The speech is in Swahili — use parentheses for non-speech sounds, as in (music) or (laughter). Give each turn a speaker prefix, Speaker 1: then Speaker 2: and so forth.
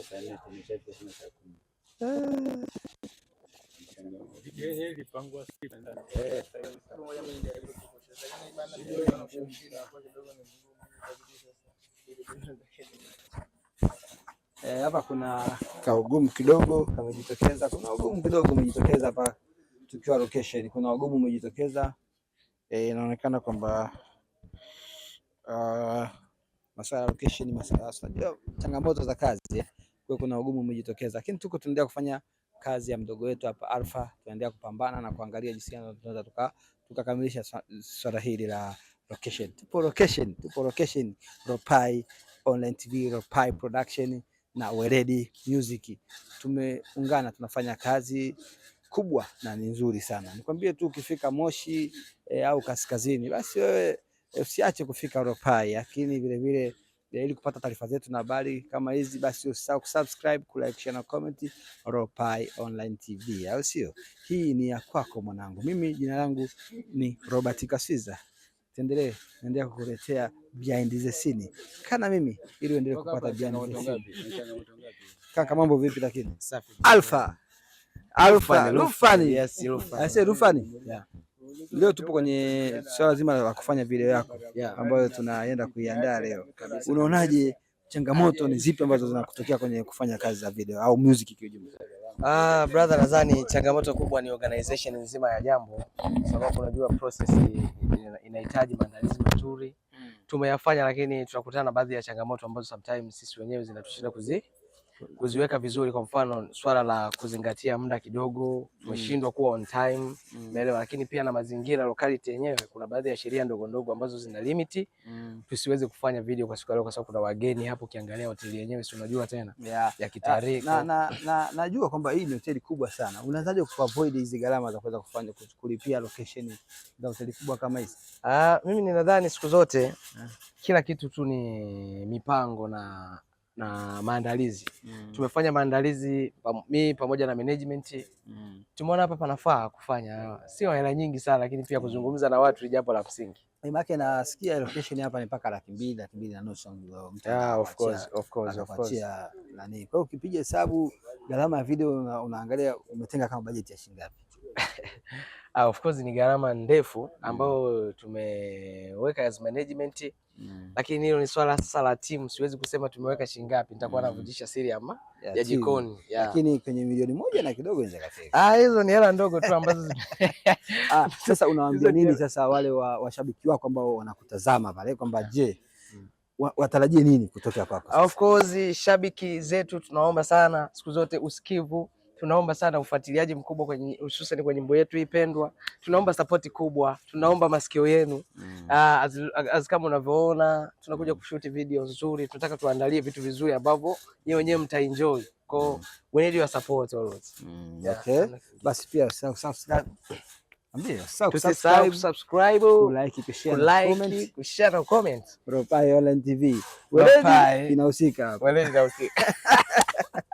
Speaker 1: Eh, hapa kuna kaugumu kidogo kamejitokeza, kuna ugumu kidogo umejitokeza hapa tukiwa location, kuna ugumu umejitokeza. Eh, inaonekana kwamba ah, masuala ya location, masuala ya changamoto za kazi eh kwa kuna ugumu umejitokeza, lakini tuko tunaendelea kufanya kazi ya mdogo wetu hapa Alpha, tunaendelea kupambana na kuangalia jinsi gani tunaweza tuka tukakamilisha swala hili la location. Tupo location, tupo location, Ropai Online TV, Ropai Production na Weledi Music tumeungana, tunafanya kazi kubwa na ni nzuri sana. Nikwambie tu ukifika Moshi e, au kaskazini, basi wewe eh, usiache kufika Ropai, lakini vilevile ya eh, ili kupata taarifa zetu na habari kama hizi, basi usisahau kusubscribe, kulike, share na comment Ropai Online TV, au sio? Hii ni ya kwako mwanangu. Mimi jina langu ni Robert Kaswiza. Tuendelee, endelea kukuletea behind the scene. Kana mimi ili uendelee kupata behind the scene. Kaka, mambo vipi? Lakini safi. Alpha Alpha Rufani, yes Rufani, ah, Rufani, yeah. Leo tupo kwenye swala zima la kufanya video yako yeah, ambayo tunaenda kuiandaa leo. Unaonaje, changamoto ni zipi ambazo zinakutokea kwenye kufanya kazi za video au music kwa ujumla?
Speaker 2: Ah, brother, nadhani changamoto kubwa ni organization nzima ya jambo, sababu unajua process inahitaji maandalizi mazuri. Hmm. Tumeyafanya, lakini tunakutana na baadhi ya changamoto ambazo sometimes sisi wenyewe zinatushinda kuzi kuziweka vizuri. Kwa mfano swala la kuzingatia muda kidogo, tumeshindwa mm. kuwa on time mm. umeelewa mm. lakini pia na mazingira locality yenyewe, kuna baadhi ya sheria ndogo ndogo ambazo zina limit mm. tusiweze kufanya video kwa siku leo, kwa sababu kuna wageni hapo. Ukiangalia hoteli yenyewe, si unajua tena yeah. ya kitarehe
Speaker 3: na, na, na, najua kwamba hii ni hoteli kubwa sana. Unazaje ku avoid hizi gharama za kuweza kufanya kulipia location za hoteli kubwa kama hizi?
Speaker 2: Ah, mimi ninadhani siku zote yeah. kila kitu tu ni mipango na na maandalizi mm. Tumefanya maandalizi pam, mi pamoja na management mm. Tumeona hapa panafaa kufanya, sio hela nyingi sana, lakini pia mm. kuzungumza na watu ni jambo la msingi.
Speaker 3: Maana nasikia location hapa ni mpaka laki mbili, laki mbili na nusu.
Speaker 2: Of course, of course, of course. Nani?
Speaker 3: Kwa hiyo ukipiga hesabu gharama ya video una, unaangalia umetenga kama bajeti ya shilingi ngapi? (laughs)
Speaker 2: Ah, Of course ni gharama ndefu ambayo tume tumeweka as management mm. Lakini hilo ni swala sasa la timu, siwezi kusema tumeweka shilingi ngapi, nitakuwa mm. navujisha siri ama ya, ya jikoni
Speaker 3: yeah. Lakini kwenye milioni moja na kidogo inaweza kafika.
Speaker 2: Ah, hizo ni hela ndogo tu ambazo (laughs)
Speaker 3: ah, sasa unawaambia nini sasa wale washabiki wako ambao wanakutazama pale kwamba je mm. watarajie nini kutoka kwako?
Speaker 2: Of course shabiki zetu tunaomba sana siku zote usikivu Tunaomba sana ufuatiliaji mkubwa kwenye hususan kwenye nyimbo yetu ipendwa. Tunaomba sapoti kubwa, tunaomba masikio yenu mm. Ah, as, as kama unavyoona tunakuja mm. kushuti video nzuri, tunataka tuandalie vitu vizuri ambavyo nyinyi wenyewe mtaenjoy kwa mm. we need your support mm,
Speaker 3: yeah, Okay, basi pia Tusisahau Ropai Online TV. inahusika.
Speaker 2: (laughs)